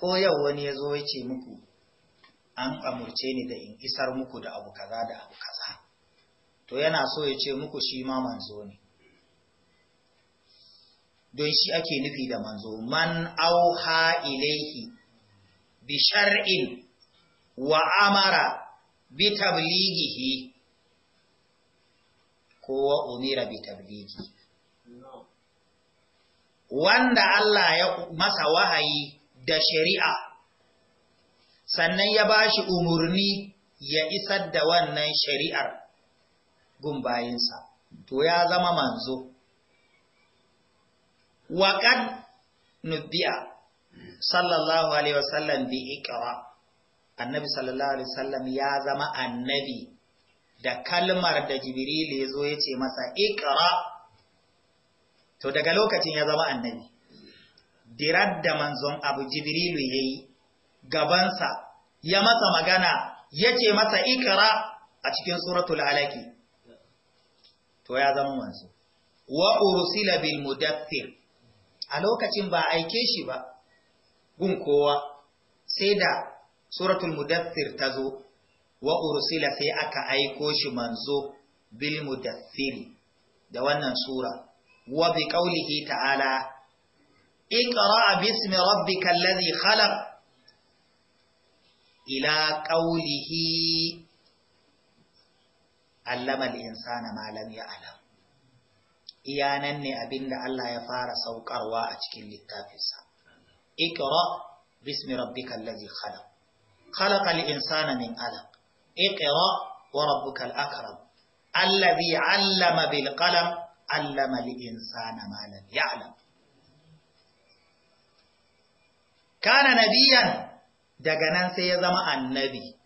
ko yau wani ya zo ya ce muku an amurce ni da in isar muku da abu kaza da abu kaza to yana so ya ce muku shi ma manzo ne don shi ake nufi da manzo man auha ilaihi bi shar'in wa amara bi tablighihi ko umira bi wanda Allah ya masa wahayi da shari'a sannan ya bashi umarni ya isar da wannan shari'ar gumbayinsa to ya zama manzo waqad nubiya sallallahu alaihi wasallam bi iqra annabi sallallahu alaihi wasallam ya zama annabi da kalmar da jibril ya zo ya ce masa iqra to daga lokacin ya zama annabi dirar da manzon abu jibrilu yayi gabansa ya masa magana ya ce masa ikra a cikin suratul alaki to ya zama manzo wa ursila bil mudaffir a lokacin ba aike shi ba gun kowa sai da suratul mudaffir ta zo wa ursila sai aka aiko shi manzo bil da wannan sura wa bi ta'ala اقرأ باسم ربك الذي خلق إلى قوله علم الإنسان ما لم يعلم iyanan ne abinda Allah ya fara saukarwa a cikin littafinsa اقرأ باسم ربك الذي خلق خلق الإنسان من علق اقرأ وربك الأكرم الذي علم بالقلم علم الإنسان ما لم يعلم كان نبيا دغنان sai ya zama annabi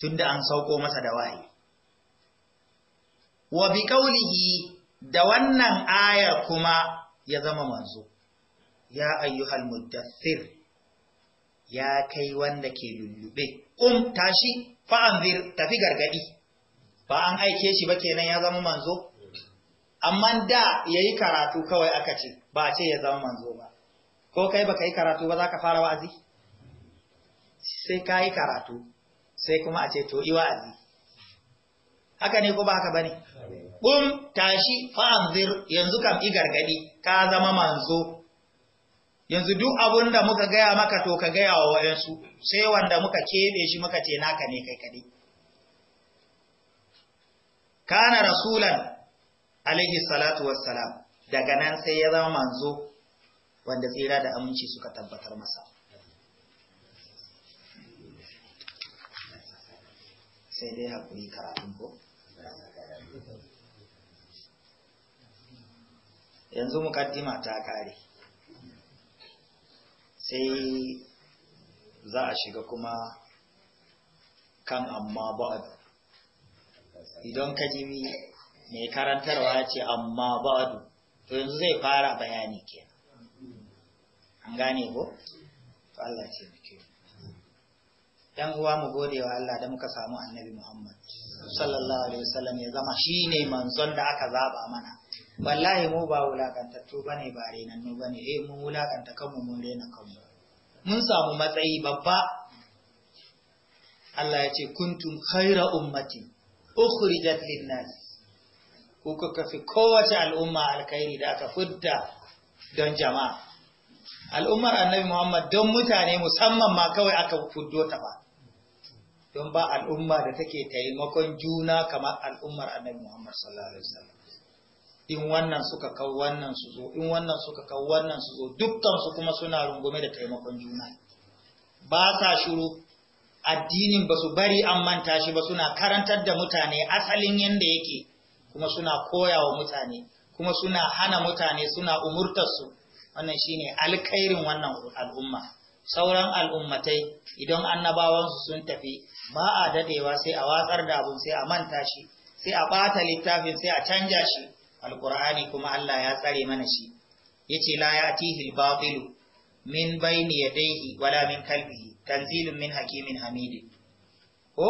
tunda an sauko masa da wahayi wa bi qawlihi da wannan ayar kuma ya zama manzo ya ayyuhal muddathir ya kai wanda ke lullube kum tashi fa'anzir tafi gargadi ba an aike shi ba kenan ya zama manzo amma da yayi karatu kawai aka ce ba a ce ya zama manzo ba ko kai baka yi karatu ba zaka fara wa'azi sai kai karatu sai kuma a ce to yi wa'azi haka ne ko ba haka bane kum tashi fa'anzir yanzu kam i gargadi ka zama manzo yanzu duk abin da muka gaya maka to ka gaya wa wayansu sai wanda muka keɓe shi muka ce naka ne kai kaɗai kana rasulan alaihi salatu wassalam daga nan sai ya zama manzo wanda tsira da aminci suka tabbatar masa sai dai haƙuri karatun ko yanzu mukaddima ta kare sai za a shiga kuma kan amma ba'ad idan kajimi mai karantarwa ya ce amma ba'adu to yanzu zai fara bayani ke an gane ko? to Allah ce muke Yan uwa mu gode wa Allah da muka samu annabi Muhammad sallallahu alaihi wasallam ya zama shine manzon da aka zaba mana wallahi mu ba wulakantattu ba ne ba renannu ne eh mun wulakanta kanmu mun rena kanmu mun samu matsayi babba Allah ya ce kuntum khaira ummati ukhrijat linnas ku kuka fi kowace al'umma alkhairi da aka fudda don jama'a al'ummar annabi Muhammad don mutane musamman ma kawai aka fuddo ta ba don ba al'umma da take taimakon juna kamar al'ummar annabi Muhammad sallallahu alaihi wasallam in wannan suka kau wannan su zo in wannan suka kau wannan su zo dukkan su kuma suna rungume da taimakon juna ba sa shiru addinin ba su bari an manta shi ba suna karantar da mutane asalin yanda yake kuma suna koya wa mutane kuma suna hana mutane suna umurtar su wannan shine alƙairin wannan al'umma sauran al'ummatai idan annabawansu sun tafi ba a dadewa sai a watsar da abun sai a manta shi sai a bata littafin sai a canja shi Alƙur'ani kuma Allah ya tsare mana shi ce la ya'tihi al-batil ya bayni yadayhi wala min kalbihi tanzilun min hakimin hamidin ko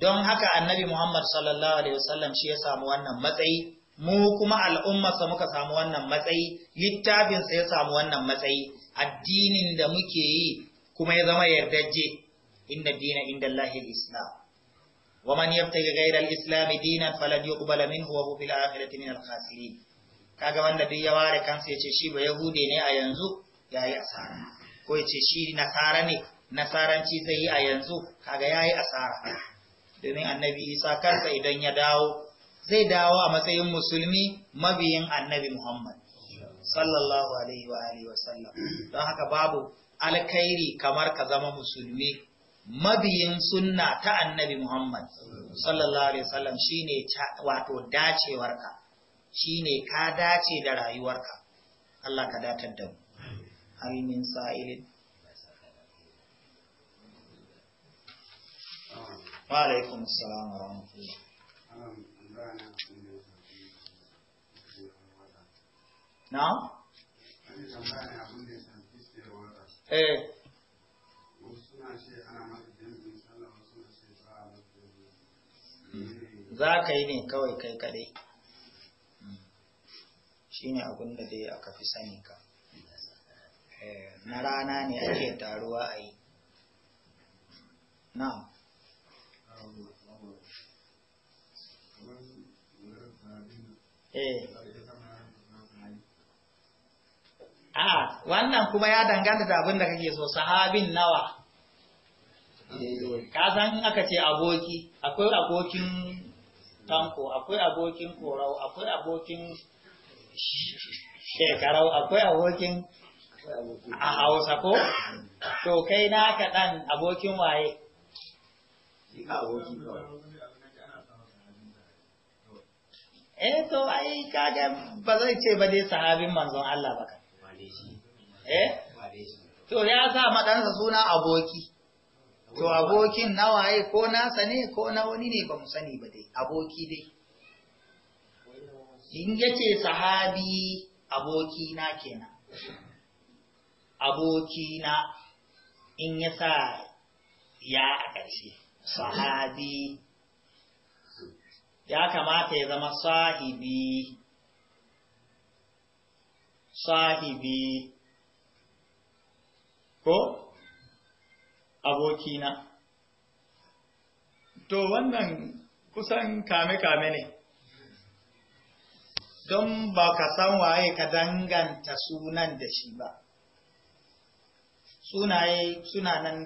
don haka annabi Muhammad sallallahu alaihi wasallam shi ya samu wannan matsayi mu kuma al'ummarsa muka samu wannan matsayi littafinsa ya samu wannan matsayi addinin da muke yi kuma ya zama yardajje inna dina inda Allahil Islam ومن يبتغي غير الإسلام دينا فلن يقبل منه وهو في الآخرة من الخاسرين kaga wanda duk ya ware kansa ya ce shi ba yahude ne a yanzu ya yi asara ko ya ce shi nasara ne nasaranci zai yi a yanzu kaga ya yi asara domin annabi isa kansa idan ya dawo zai dawo a matsayin musulmi mabiyin annabi muhammad sallallahu alaihi wa alihi wa sallam don haka babu alkhairi kamar ka zama musulmi mabiyin sunna ta annabi Muhammad sallallahu alaihi wasallam shine wato dacewarka shine ka dace da rayuwarka Allah ka datar da mu Amin sa'ilin wa alaikum assalam wa na? Eh. za ka yi ne kawai kai kaɗai shi ne abin da dai aka fi sani ka eh, na rana ne ake taruwa a yi na. Eh. a wannan kuma ya danganta da abin da kake so sahabin nawa ka san aka ce aboki akwai abokin tanko akwai abokin korau akwai abokin shekarau akwai abokin a hausa ko to kai na ka dan abokin waye eh to ai kage ba zai ce ba dai sahabin manzon Allah ba ka. eh to ya sa madansa suna aboki to abokin nawaye ko nasa ne ko na wani ne ba mu sani ba dai aboki dai in yace sahabi aboki na kenan aboki na in ya sa ya a ƙarshe sahabi ya kamata ya zama sahibi sahibi ko abokina to wannan kusan kame-kame ne don ba ka san waye ka danganta sunan da shi ba sunaye nan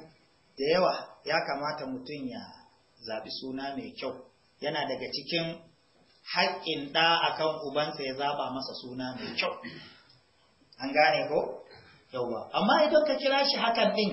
da yawa ya kamata mutum ya zaɓi suna mai kyau yana daga cikin haƙƙin ɗa a kan ubansa ya zaɓa masa suna mai kyau an gane ko yauwa amma idan ka kira shi hakan ɗin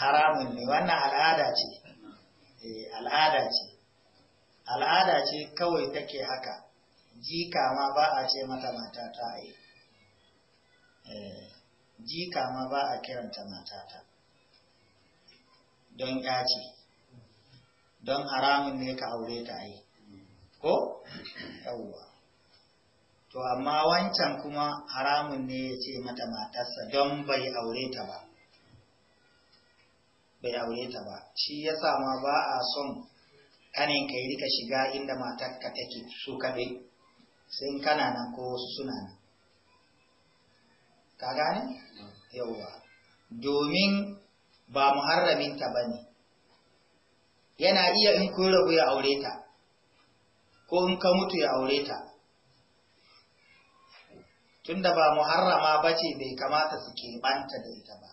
haramun ne wannan al'ada ce eh, al'ada ce al'ada ce kawai take haka jika ma ba a ce mata matata ta yi eh, jika ma ba a kiranta matata don yaci don haramun ne ka aure ta yi ko yawwa to amma wancan kuma haramun ne ya ce mata matarsa don bai aure ta ba bai aure ta ba shi ya ma ba a son kanin ka yi rika shiga inda matarka take su kaɗai sun kana nan ko wasu suna nan ka gane yauwa domin ba muharraminta ba ne yana iya in kun rabu ya aure ta ko in ka mutu ya aure ta tunda ba muharrama ba ce bai kamata su ke keɓanta da ita ba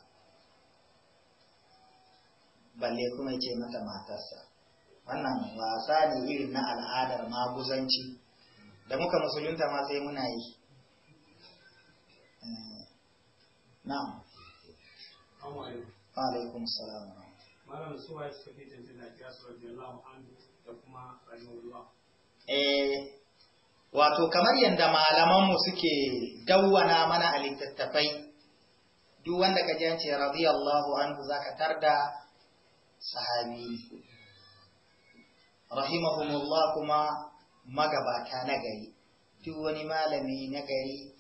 balle kuma ce mata matarsa wannan wasa ne irin na al'adar maguzanci da muka musulunta ma sai muna yi eh, na'am wato kamar yadda malamanmu suke dawwana mana a littattafai duk wanda ka jance radiyallahu anhu zaka tarda sahabi rahimahumullah kuma magabata na gari duk wani malami na gari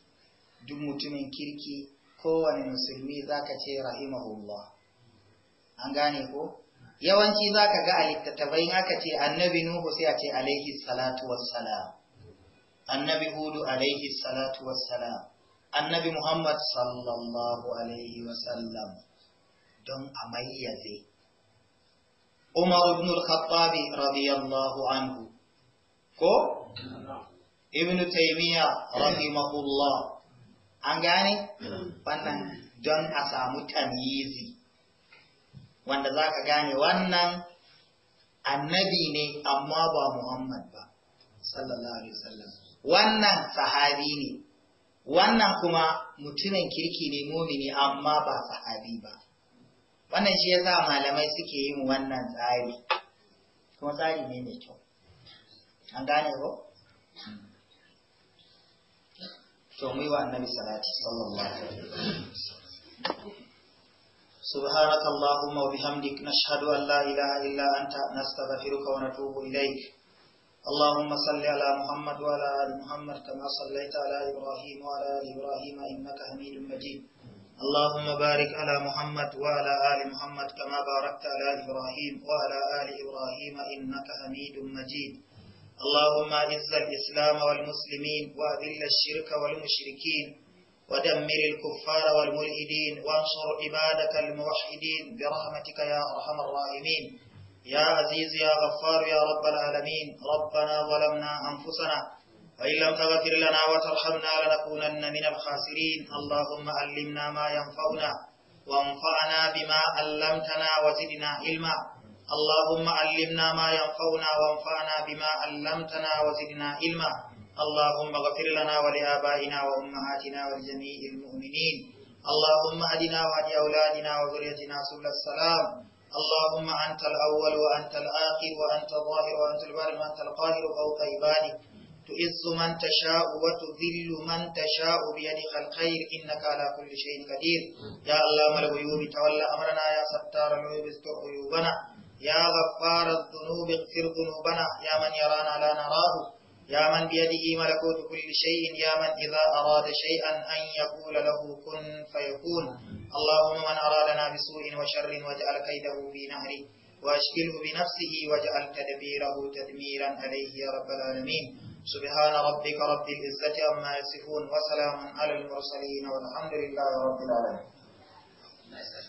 duk mutumin kirki kowane musulmi zaka ce rahimahullah an gane ko yawanci zaka ga a littattafai aka ce annabi nuhu sai a ce alaihi salatu wassalam annabi hudu alaihi salatu wassalam annabi muhammad sallallahu alaihi wasallam don a mayyaze umar ibn al-khattabi radiyallahu anhu ko ibn taymiya rahimahullah an gane wannan don a samu tamyizi wanda za ka gane wannan annabi ne amma ba muhammad ba sallallahu alaihi wasallam wannan sahabi ne wannan kuma mutumin kirki ne mumini amma ba sahabi ba wannan shi yasa malamai suke yin wannan tsari kuma tsari ne mai kyau an gane ko to mu yi wa annabi salati sallallahu سبحانك اللهم وبحمدك نشهد أن لا إله إلا أنت نستغفرك ونتوب إليك اللهم صل على محمد وعلى آل محمد كما صليت على إبراهيم وعلى آل إبراهيم إنك حميد مجيد اللهم بارك على محمد وعلى آل محمد كما باركت على إبراهيم وعلى آل إبراهيم إنك حميد مجيد اللهم أعز الإسلام والمسلمين وأذل الشرك والمشركين ودمر الكفار والملحدين وانصر عبادك الموحدين برحمتك يا أرحم الراحمين يا عزيز يا غفار يا رب العالمين ربنا ظلمنا أنفسنا وإن لم تغفر لنا وترحمنا لنكونن من الخاسرين اللهم علمنا ما ينفعنا وانفعنا بما علمتنا وزدنا علما اللهم علمنا ما ينفعنا وانفعنا بما علمتنا وزدنا علما اللهم اغفر لنا ولآبائنا وأمهاتنا ولجميع المؤمنين اللهم أدنا وهدي أولادنا وذريتنا سبل السلام اللهم أنت الأول وأنت الآخر وأنت الظاهر وأنت البارئ وأنت القاهر فوق عبادك تعز من تشاء وتذل من تشاء بيدك الخير إنك على كل شيء قدير يا من الغيوب تولى أمرنا يا ستار العيوب استر عيوبنا يا غفار الذنوب اغفر ذنوبنا يا من يرانا لا نراه يا من بيده ملكوت كل شيء يا من إذا أراد شيئا أن يقول له كن فيكون اللهم من أرادنا بسوء وشر وجعل كيده في نهره وأشكله بنفسه وجعل تدبيره تدميرا عليه يا رب العالمين سبحان ربك رب العزة أما يصفون وسلام على المرسلين والحمد لله رب العالمين